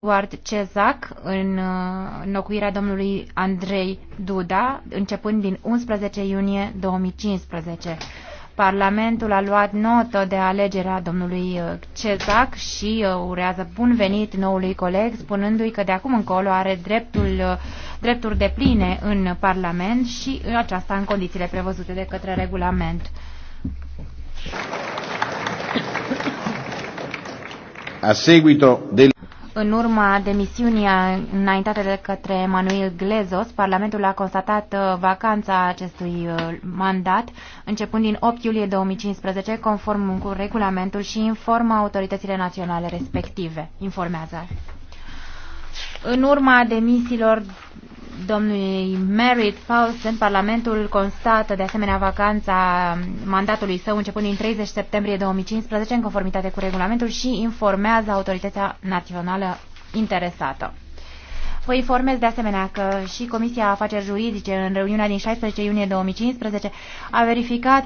Ward Cezac în uh, înlocuirea domnului Andrei Duda, începând din 11 iunie 2015. Parlamentul a luat notă de alegerea domnului uh, Cezac și uh, urează bun venit noului coleg, spunându-i că de acum încolo are dreptul, drepturi de pline în Parlament și aceasta în condițiile prevăzute de către regulament. A seguito del în urma demisiunii înaintate de către Emanuel Glezos, Parlamentul a constatat uh, vacanța acestui uh, mandat, începând din 8 iulie 2015, conform cu regulamentul și informă autoritățile naționale respective. Informează. În urma demisiilor domnului Merit Paulsen, Parlamentul constată de asemenea vacanța mandatului său începând din 30 septembrie 2015 în conformitate cu regulamentul și informează autoritatea națională interesată. Vă informez de asemenea că și Comisia Afaceri Juridice în reuniunea din 16 iunie 2015 a verificat